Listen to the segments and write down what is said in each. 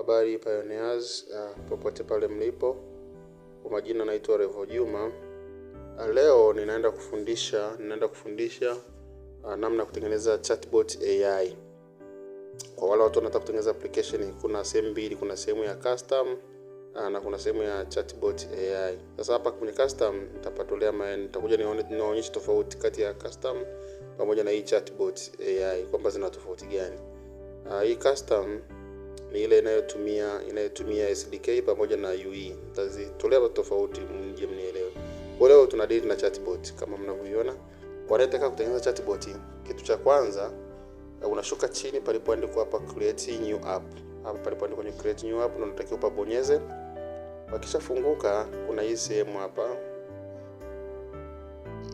Habari pioneers, uh, popote pale mlipo, kwa majina naitwa Revo Juma. Uh, leo ninaenda kufundisha ninaenda kufundisha uh, namna ya kutengeneza chatbot AI kwa wale watu wanataka kutengeneza application. Kuna sehemu mbili, kuna sehemu ya custom uh, na kuna sehemu ya chatbot AI. Sasa hapa kwenye custom nitapatolea maana, nitakuja nione nionyeshe tofauti kati ya custom pamoja na hii chatbot AI kwamba zina tofauti gani. Uh, hii custom ni ile inayotumia inayotumia SDK pamoja na UE. Tazitolea tofauti mje mnielewe. Kwa leo tuna deal na chatbot kama mnavyoiona. Kwa nataka kutengeneza chatbot. Kitu cha kwanza unashuka chini palipoandikwa hapa create new app. Hapa palipoandikwa ni create new app unatakiwa upabonyeze. Wakishafunguka kuna hii sehemu hapa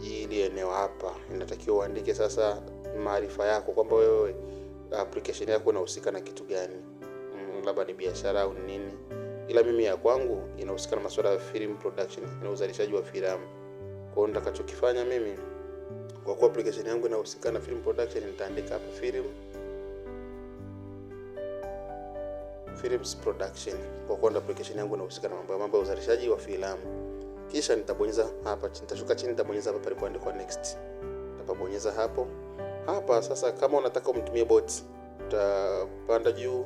ili eneo hapa inatakiwa uandike sasa maarifa yako kwamba wewe application yako inahusika na kitu gani labda ni biashara au nini, ila mimi ya kwangu inahusika na masuala ya film production, na uzalishaji wa filamu. Kwa hiyo nitakachokifanya mimi, kwa kuwa application yangu inahusika na film production, nitaandika hapa film films production, kwa kuwa ndo application yangu inahusika na mambo ya mambo ya uzalishaji wa filamu. Kisha nitabonyeza hapa, nitashuka chini, nitabonyeza hapa palipoandikwa next, nitabonyeza hapo hapa. Sasa kama unataka umtumie bot, utapanda juu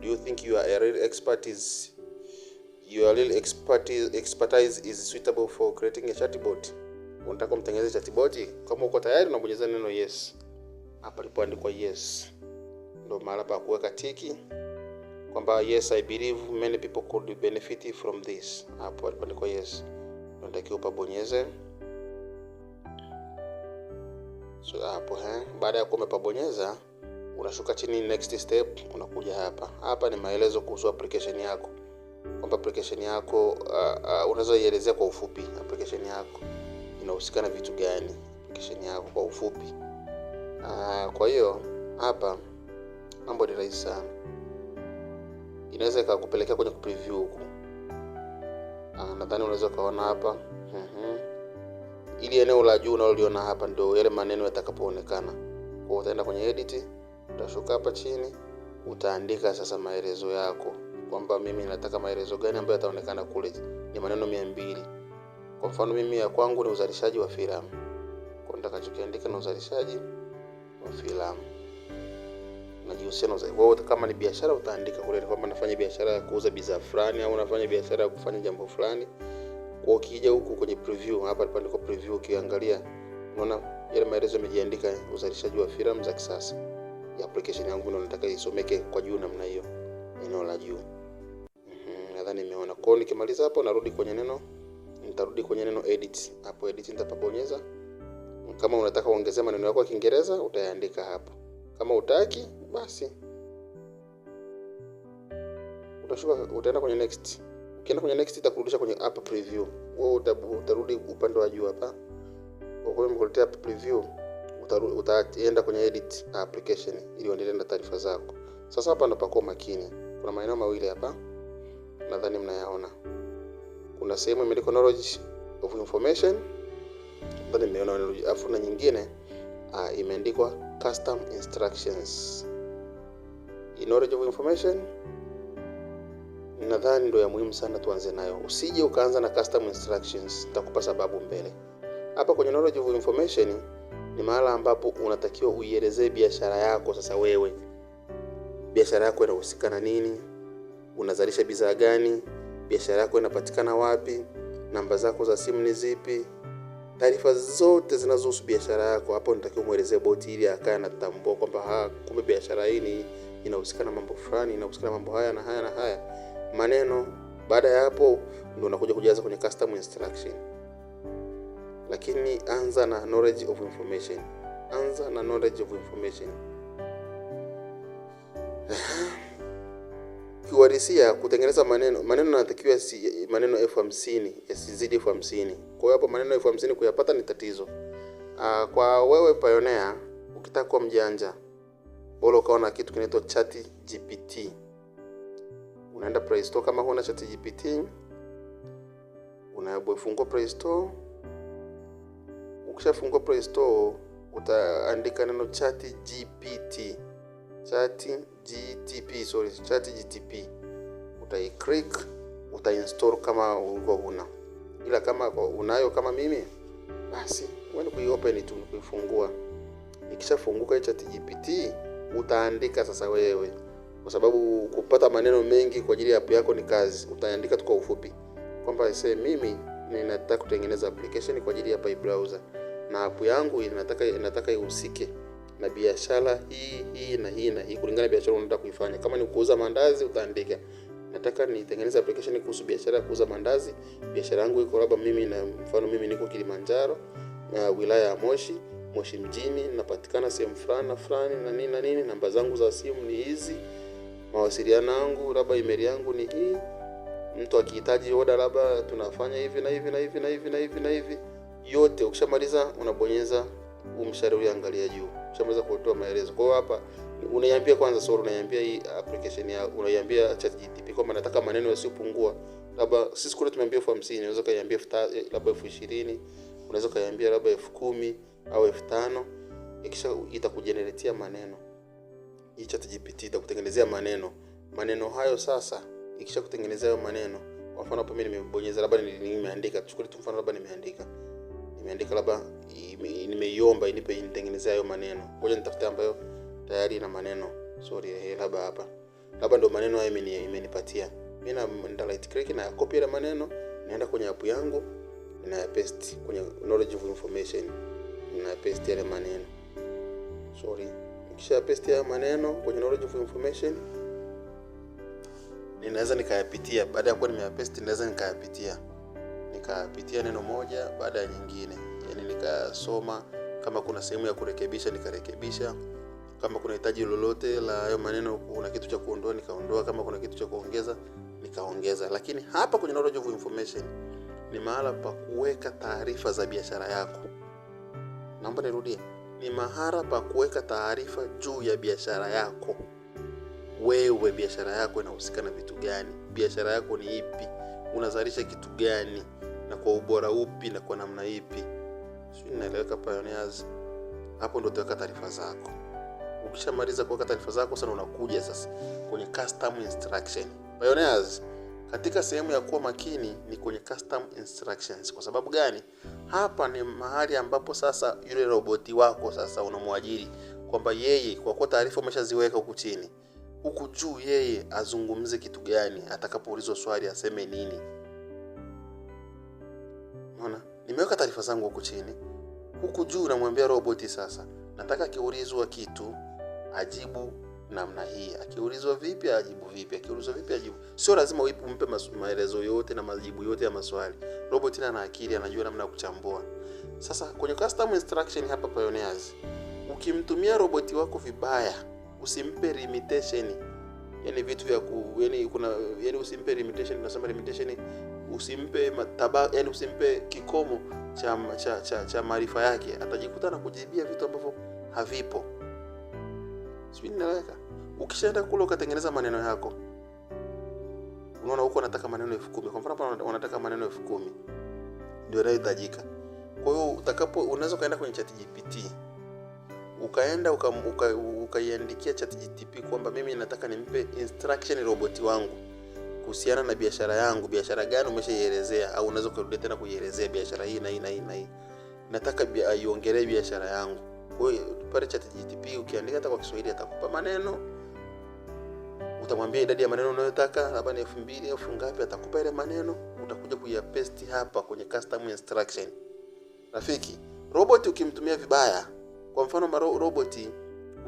do you think a real is your real expertise, expertise is suitable for creating a chatbot unataka umtengeneze chatbot kama uko tayari unabonyeza neno yes hapa lipoandikwa yes ndo mahala pa kuweka tiki kwamba yes i believe many people could benefit from this hapo alipoandikwa yes unatakiwa pabonyeze so hapo eh baada ya kuwa umepabonyeza unashuka chini, next step unakuja hapa. Hapa ni maelezo kuhusu application yako, kwamba application yako uh, uh, unaweza ielezea kwa ufupi application yako inahusika na vitu gani, application yako kwa ufupi uh, kwa hiyo hapa mambo ni rahisi sana, inaweza ikakupelekea kwenye kupreview huku. Uh, nadhani unaweza ukaona hapa uh-huh. Ili eneo la juu unaloliona hapa ndio yale maneno yatakapoonekana. Kwa hiyo utaenda kwenye edit utashuka hapa chini, utaandika sasa maelezo yako kwamba mimi nataka maelezo gani ambayo yataonekana kule, ni maneno mia mbili. Kwa mfano mimi ya kwangu ni uzalishaji wa filamu, kwa nitakachokiandika na uzalishaji wa filamu najihusisha na wewe. Kama ni biashara utaandika kule kwamba nafanya biashara ya kuuza bidhaa fulani, au nafanya biashara ya kufanya jambo fulani. Kwa ukija huku kwenye preview, hapa ndipo preview, ukiangalia unaona yale maelezo yamejiandika, uzalishaji wa filamu za kisasa application yangu na nataka isomeke kwa juu namna hiyo, eneo la juu. Mm, nadhani nimeona. Kwa hiyo nikimaliza hapo narudi kwenye neno, nitarudi kwenye neno edit. Hapo edit nitapabonyeza. Kama unataka uongezee maneno yako ya Kiingereza utayaandika hapo, kama utaki basi utashuka utaenda kwenye next. Ukienda kwenye next itakurudisha kwenye app preview. Wewe utarudi upande wa juu hapa, kwa hiyo nimekuletea app preview utaenda kwenye edit application ili uendelee na taarifa zako. Sasa hapa ndo pakuwa makini, kuna maeneo mawili hapa, nadhani mnayaona. Kuna sehemu imeandikwa knowledge of information, nadhani knowledge, afu na nyingine uh, imeandikwa custom instructions. In knowledge of information nadhani ndo ya muhimu sana, tuanze nayo. Usije ukaanza na custom instructions, nitakupa sababu mbele. Hapa kwenye knowledge of information ni mahala ambapo unatakiwa uielezee biashara yako. Sasa wewe biashara yako inahusika na nini? Unazalisha bidhaa gani? Biashara yako inapatikana wapi? Namba zako za simu ni zipi? Taarifa zote zinazohusu biashara yako hapo unatakiwa muelezee boti, ili akaye anatambua kwamba kumbe biashara hii inahusika na mambo fulani, inahusika na mambo haya na haya na haya maneno. Baada ya hapo, ndio unakuja kujaza kwenye custom instruction lakini anza na knowledge of information, anza na knowledge of information. Kiuhalisia, kutengeneza maneno, maneno natakiwa si maneno elfu hamsini yasizidi elfu hamsini Kwa hiyo hapo maneno elfu hamsini kuyapata ni tatizo. Uh, kwa wewe pioneer ukitaka kuwa mjanja, bora ukawa na kitu kinaitwa Chat GPT. Unaenda Play Store kama huna Chat GPT, unabofungua Play Store ukishafungua Play Store utaandika neno chat GPT, chat GTP, sorry, chat GTP utaiclick, utainstall kama ulikuwa huna, ila kama unayo kama mimi, basi wewe open tu kuifungua. Ikishafunguka hiyo chat GPT utaandika sasa wewe, kwa sababu kupata maneno mengi kwa ajili ya app yako ni kazi. Utaandika tu kwa ufupi kwamba mimi ninataka kutengeneza application kwa ajili ya Pi browser na app yangu inataka inataka ihusike na biashara hii hii na hii na hii, kulingana na biashara unataka kuifanya. Kama ni kuuza mandazi, utaandika nataka nitengeneze application kuhusu biashara ya kuuza mandazi. Biashara yangu iko labda, mimi na mfano, mimi niko Kilimanjaro na wilaya ya Moshi, Moshi mjini, napatikana sehemu fulani na fulani na nini na nini, namba zangu za simu ni hizi, mawasiliano yangu labda email yangu ni hii, mtu akihitaji oda labda tunafanya hivi na hivi na hivi na hivi na hivi na hivi yote. Ukishamaliza unabonyeza huu mshale angalia juu, ukishamaliza kutoa maelezo. Kwa hiyo hapa unaiambia kwanza sura, unaiambia hii application ya unaiambia ChatGPT kwamba nataka maneno yasiyopungua labda, sisi kule tumeambia elfu hamsini unaweza kaiambia eh, labda elfu ishirini unaweza kaiambia labda elfu kumi au elfu tano ikisha itakujeneretia maneno hii ChatGPT itakutengenezea maneno. Maneno hayo sasa, ikisha kutengenezea hayo maneno, kwa mfano hapa mimi nimebonyeza labda nimeandika, chukua tu mfano labda nimeandika nimeandika labda nimeiomba inipe nitengenezea hayo maneno, ngoja nitafute ambayo tayari ina maneno sorry, eh, labda hapa labda ndio maneno hayo imenipatia mimi na nita right click na copy ile maneno, naenda kwenye app yangu na paste kwenye knowledge of information na paste yale maneno sorry. Nikisha paste ya maneno kwenye knowledge of information ninaweza nikayapitia. Baada ya kuwa nimeyapaste, ninaweza nikayapitia nikapitia neno moja baada ya nyingine, yani nikasoma, kama kuna sehemu ya kurekebisha nikarekebisha, kama kuna hitaji lolote la hayo maneno, kuna kitu cha kuondoa nikaondoa, kama kuna kitu cha kuongeza nikaongeza. Lakini hapa kwenye knowledge of information ni mahala pa kuweka taarifa za biashara yako. Naomba nirudie, ni mahala pa kuweka taarifa juu ya biashara yako. Wewe biashara yako inahusika na vitu gani? Biashara yako ni ipi? Unazalisha kitu gani? na kwa ubora upi na kwa namna ipi? Sio inaeleweka pioneers. Hapo ndio utaweka taarifa zako. Ukishamaliza kuweka taarifa zako sana, unakuja sasa kwenye custom instruction pioneers. Katika sehemu ya kuwa makini ni kwenye custom instructions. Kwa sababu gani? Hapa ni mahali ambapo sasa yule roboti wako sasa unamwajiri kwamba yeye, kwa kuwa taarifa umeshaziweka huku chini, huku juu, yeye azungumze kitu gani, atakapoulizwa swali aseme nini. Nimeweka taarifa zangu huku chini, huku juu namwambia roboti sasa, nataka akiulizwa kitu ajibu namna hii, akiulizwa vipi ajibu vipi, akiulizwa vipi ajibu. Sio lazima umpe maelezo yote na majibu yote ya maswali. Robot ana akili, anajua namna ya kuchambua. Sasa kwenye custom instruction hapa Pioneers, ukimtumia roboti wako vibaya, usimpe limitation, yani vitu vya ku, yani kuna yani usimpe limitation, tunasema limitation usimpe mataba, yani usimpe kikomo cha cha, cha, cha maarifa yake, atajikuta na kujibia vitu ambavyo havipo. Sijui ninaeleweka. Ukishaenda kule ukatengeneza maneno yako, unaona huko anataka maneno elfu kumi kwa mfano, hapa wanataka maneno elfu kumi ndio yanayohitajika. Kwa hiyo utakapo, unaweza ukaenda kwenye ChatGPT ukaenda ukaiandikia uka, uka ChatGPT kwamba mimi nataka nimpe instruction roboti wangu kuhusiana na biashara yangu, biashara gani umeshaielezea, au unaweza kurudia tena kuielezea biashara hii na hii na hii na hii, nataka iongelee bia, biashara yangu. Kwa hiyo pale ChatGPT ukiandika hata kwa Kiswahili atakupa maneno, utamwambia idadi ya maneno unayotaka, labda ni elfu mbili elfu ngapi, atakupa ile maneno, utakuja kuyapesti hapa kwenye custom instruction. Rafiki robot ukimtumia vibaya, kwa mfano maro robot,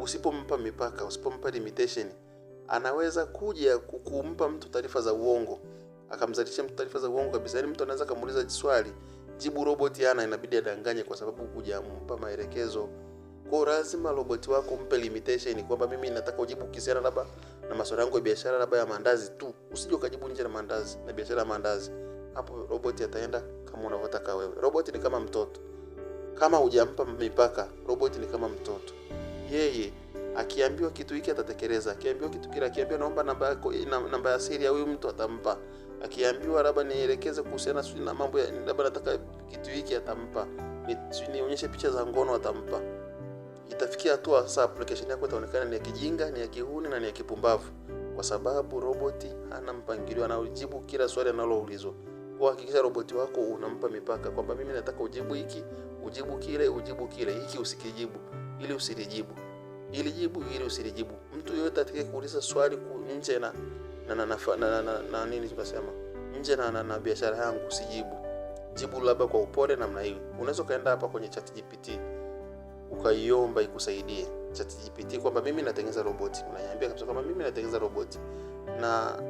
usipompa mipaka, usipompa limitation anaweza kuja kumpa mtu taarifa za uongo, akamzalisha mtu taarifa za uongo kabisa. yani mtu anaweza akamuuliza swali, jibu roboti ana, inabidi adanganye kwa sababu hujampa maelekezo. Kwa lazima roboti wako mpe limitation kwamba mimi nataka ujibu kuhusiana labda na maswala yangu ya biashara, labda ya maandazi tu. Usije ukajibu nje na maandazi na biashara ya maandazi. Hapo roboti ataenda kama unavyotaka wewe. Roboti ni kama mtoto, kama hujampa mipaka. Roboti ni kama mtoto, yeye akiambiwa kitu hiki atatekeleza, akiambiwa kitu kile, akiambiwa naomba namba yako, eh, namba ya siri ya huyu mtu atampa, akiambiwa labda nielekeze kuhusiana sijui na mambo ya labda nataka kitu hiki atampa, nionyeshe picha za ngono atampa. Itafikia hatua sasa application yako itaonekana ni ya kijinga, ni ya kihuni na ni ya kipumbavu, kwa sababu roboti hana mpangilio, anajibu kila swali analoulizwa. Kwa hakikisha roboti wako unampa mipaka kwamba mimi nataka ujibu hiki, ujibu kile, ujibu kile, hiki usikijibu, ili usilijibu ili jibu ili usilijibu. Mtu yoyote atakaye kuuliza swali ku, nje na na na, na, na, na, na na, nini tunasema nje na, na, na biashara yangu usijibu, jibu labda kwa upole namna hiyo. Unaweza ukaenda hapa kwenye ChatGPT ukaiomba ikusaidie ChatGPT kwamba mimi natengeneza roboti, unaniambia kabisa kwamba mimi natengeneza roboti na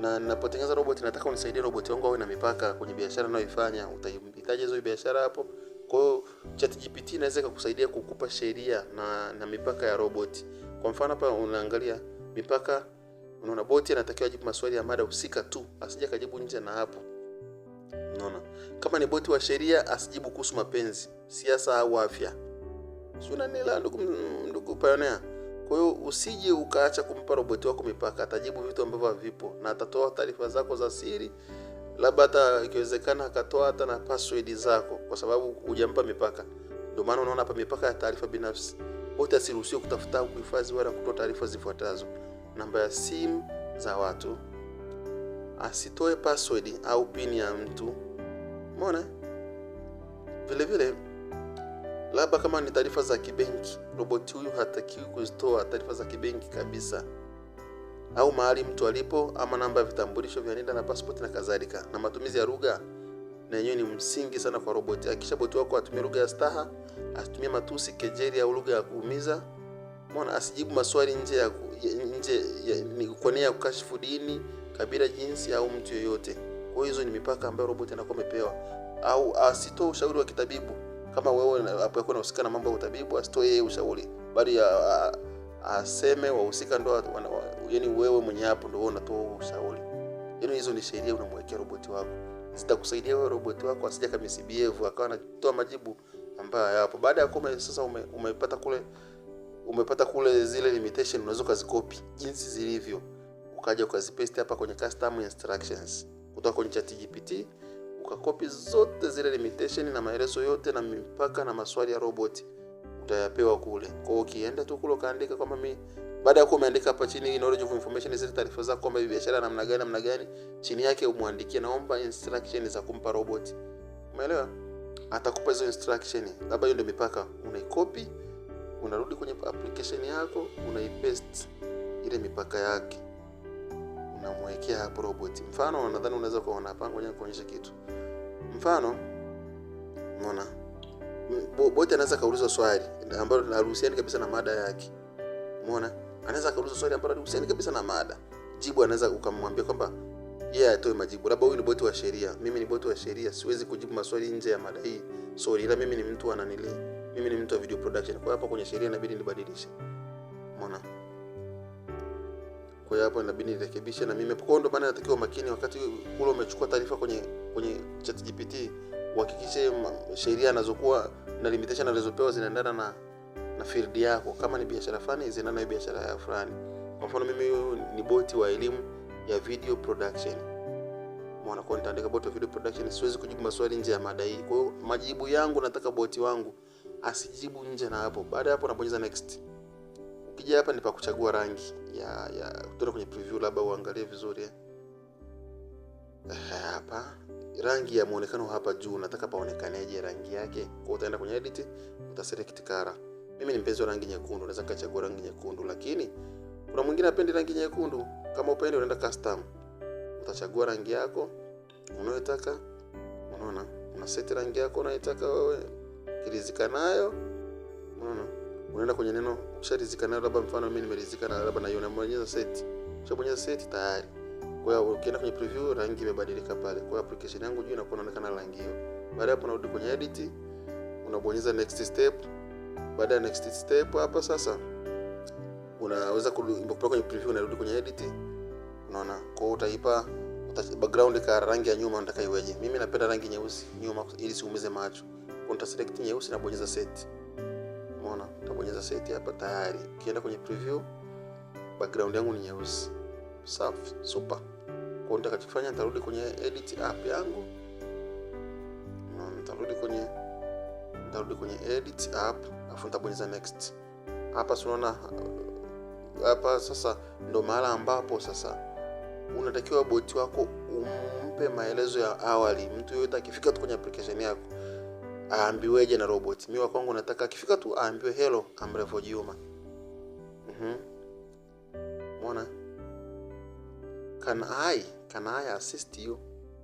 na napotengeneza roboti nataka unisaidie roboti wangu awe na mipaka kwenye biashara nayoifanya. utahitaji hizo biashara hapo? Kwa hiyo ChatGPT inaweza kukusaidia kukupa sheria na, na mipaka ya roboti. Kwa mfano hapa unaangalia mipaka, unaona boti anatakiwa ajibu maswali ya mada husika tu, asije kajibu nje na hapo. Unaona, kama ni boti wa sheria asijibu kuhusu mapenzi, siasa au afya. Si unanielewa ndugu, ndugu pionea? Kwa hiyo usije ukaacha kumpa roboti wako mipaka, atajibu vitu ambavyo havipo na atatoa taarifa zako za siri labda hata ikiwezekana akatoa hata na password zako, kwa sababu hujampa mipaka. Ndio maana unaona hapa mipaka ya taarifa binafsi, wote asiruhusiwe kutafuta kuhifadhi wala kutoa taarifa zifuatazo: namba ya simu za watu, asitoe password au pin ya mtu. Umeona vile vile, labda kama ni taarifa za kibenki, roboti huyu hatakiwi kuzitoa taarifa za kibenki kabisa au mahali mtu alipo ama namba ya vitambulisho vya NIDA na passport na kadhalika. Na matumizi ya lugha na yenyewe ni msingi sana kwa roboti. Hakikisha boti wako atumie lugha ya staha, asitumie matusi, kejeli au lugha ya kuumiza. Mbona asijibu maswali nje ya nje kwa nia ya kukashifu dini, kabila, jinsi au mtu yoyote. Kwa hiyo hizo ni mipaka ambayo roboti anakuwa amepewa, au asitoe ushauri wa kitabibu kama wewe hapo yako unahusika na mambo ya utabibu, asitoe yeye ushauri, bali aseme wahusika ndio yani wewe mwenye hapo ndio wewe unatoa ushauri. Yani hizo ni sheria unamwekea roboti wako, zitakusaidia wewe roboti wako asije kama CBF akawa anatoa majibu ambayo hayapo. Baada ya kuwa sasa ume, umepata kule umepata kule zile limitation, unaweza ukazikopi jinsi zilivyo, ukaja ukazipaste hapa kwenye custom instructions kutoka kwenye ChatGPT ukakopi zote zile limitation na maelezo yote na mipaka na maswali ya robot utayapewa kule. Kwa hiyo ukienda tu kule ukaandika kwamba mimi baada ya kuwa umeandika hapa chini knowledge of information, zile taarifa zako kwamba biashara namna gani namna gani, chini yake umwandikie, naomba instruction za kumpa robot. Umeelewa? Atakupa hizo instruction, labda hiyo ndio mipaka, unaikopi unarudi kwenye application yako unaipaste ile mipaka yake unamwekea hapo robot. Mfano nadhani unaweza kuona hapa, ngoja nikuonyeshe kitu. Mfano unaona bote anaweza kaulizwa swali ambalo linahusiana kabisa na mada yake, umeona anaweza akauliza swali ambalo lihusiani kabisa na mada, jibu anaweza ukamwambia kwamba yeye yeah, atoe majibu. Labda huyu ni boti wa sheria, mimi ni boti wa sheria, siwezi kujibu maswali nje ya mada hii, sorry, ila mimi ni mtu wa nanili, mimi ni mtu wa video production, kwa hapa kwenye sheria inabidi nibadilishe. Umeona? Kwa hiyo hapo inabidi nirekebishe na mimi. Kwa ndo maana natakiwa makini wakati ule umechukua taarifa kwenye kwenye ChatGPT, uhakikishe sheria anazokuwa na limitation anazopewa zinaendana na na field yako. Kama ni biashara fulani, zina na biashara ya fulani. Kwa mfano mimi ni boti wa elimu ya video production, mwana kwa nitaandika boti wa video production, siwezi kujibu maswali nje ya mada hii. Kwa hiyo majibu yangu nataka boti wangu asijibu nje na hapo. Baada ya hapo, nabonyeza next. Ukija hapa ni pa kuchagua rangi ya ya kutoka kwenye preview, labda uangalie vizuri eh. hapa rangi ya muonekano hapa juu, nataka paonekaneje rangi yake. Kwa utaenda kwenye edit, utaselect color mimi ni mpenzi wa rangi nyekundu, naweza kachagua rangi nyekundu, lakini kuna mwingine apendi rangi nyekundu. Kama upendi, unaenda custom, utachagua rangi yako unayotaka. Unaona, una set rangi yako unayotaka wewe, kilizika nayo. Unaona, unaenda kwenye neno ukisharizika nayo, labda mfano mimi nimerizika na labda naiona, hiyo, unabonyeza set, ukishabonyeza set tayari. Kwa hiyo ukienda kwenye preview, rangi imebadilika pale. Kwa hiyo application yangu juu inakuwa inaonekana rangi hiyo. Baada hapo, unarudi kwenye edit, unabonyeza next step baada ya next step hapa sasa unaweza kupeleka kwenye preview, unarudi kwenye edit, unaona. Kwa hiyo utaipa background ka rangi ya nyuma nataka iweje. Mimi napenda rangi nyeusi nyuma ili siumize macho. Kwa nita select nyeusi na bonyeza set. Unaona, tabonyeza set hapa tayari. Ukienda kwenye preview background yangu ni nyeusi. Safi, super. Kwa nitakachofanya nitarudi kwenye edit app yangu. nitarudi kwenye nitarudi kwenye edit app alafu nitabonyeza next. Hapa tunaona hapa sasa ndo mahala ambapo sasa unatakiwa boti wako umpe maelezo ya awali. Mtu yoyote akifika tu kwenye application yako aambiweje na robot. Mimi kwangu nataka akifika tu aambiwe hello, I'm Revo Juma. Mhm. Mbona? Can I can I assist you?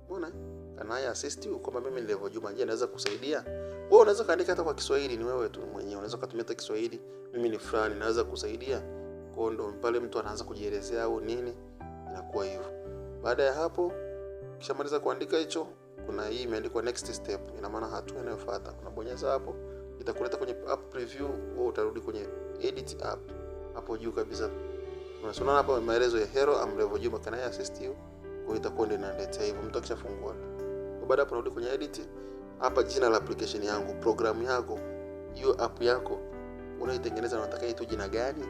Mbona? Can I assist you? Kwamba mimi ni Revo Juma, je, naweza kusaidia? Wewe unaweza kaandika hata kwa Kiswahili, ni wewe tu mwenyewe unaweza kutumia hata Kiswahili, mimi ni fulani, naweza kusaidia. Kwa hiyo ndo pale mtu anaanza kujielezea au nini, inakuwa hivyo. Baada ya hapo, kishamaliza kuandika hicho, kuna hii imeandikwa next step, ina maana hatua inayofuata. Unabonyeza hapo, itakuleta kwenye app preview, wewe utarudi kwenye edit app hapo juu kabisa. Unasoma hapo maelezo ya Hero am level juu makana ya assist you? Kwa hiyo itakuwa ndio inaletea hivyo, mtu akishafungua. Baada hapo, unarudi kwenye edit hapa jina la application yangu, programu yako, hiyo app yako unaitengeneza, unataka itu jina gani?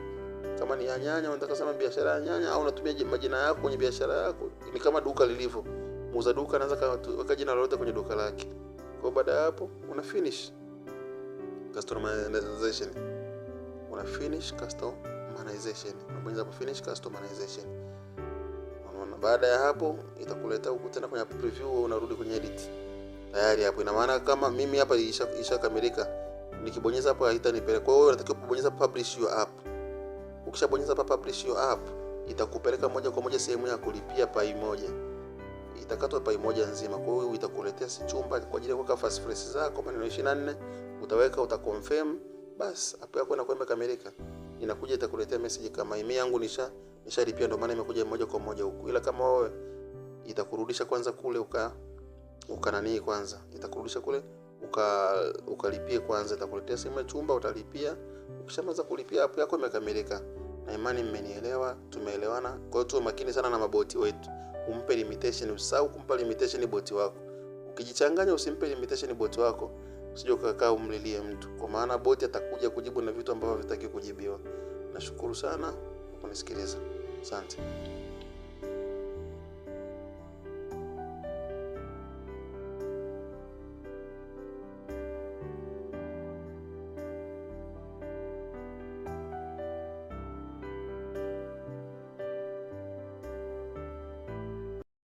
Kama ni nyanya, unataka sema biashara ya nyanya, au unatumia majina yako kwenye biashara yako. Ni kama duka lilivyo, muuza duka anaanza kaweka jina lolote kwenye duka lake. Kwa baada ya hapo, una finish customization, una finish customization, unabonyeza hapo finish customization. Unaona, baada ya hapo itakuleta huko tena kwenye preview, unarudi kwenye edit tayari hapo. Ina maana kama mimi hapa ishakamilika, isha nikibonyeza hapo haitanipeleka. Kwa hiyo unatakiwa kubonyeza publish your app. Ukishabonyeza hapa publish your app, itakupeleka moja kwa moja sehemu ya kulipia pai moja, itakatwa pai moja nzima. Kwa hiyo itakuletea si chumba kwa ajili ya kuweka fast press zako maneno 24, utaweka utaconfirm, basi hapo yako inakuwa imekamilika. Inakuja itakuletea message kama email yangu nisha nishalipia, ndio maana imekuja moja kwa moja huku, ila kama wewe itakurudisha kwanza kule uka ukananii kwanza, itakurudisha kule uka ukalipie kwanza, itakuletea sehemu ya chumba, utalipia. ukishamaza kulipia, hapo yako imekamilika. Na imani mmenielewa, tumeelewana. Kwa hiyo tuwe makini sana na maboti wetu, umpe limitation, usahau kumpa limitation boti wako. Ukijichanganya, usimpe limitation boti wako, usije ukakaa umlilie mtu, kwa maana boti atakuja kujibu na vitu ambavyo vitaki kujibiwa. Nashukuru sana kwa kunisikiliza, asante.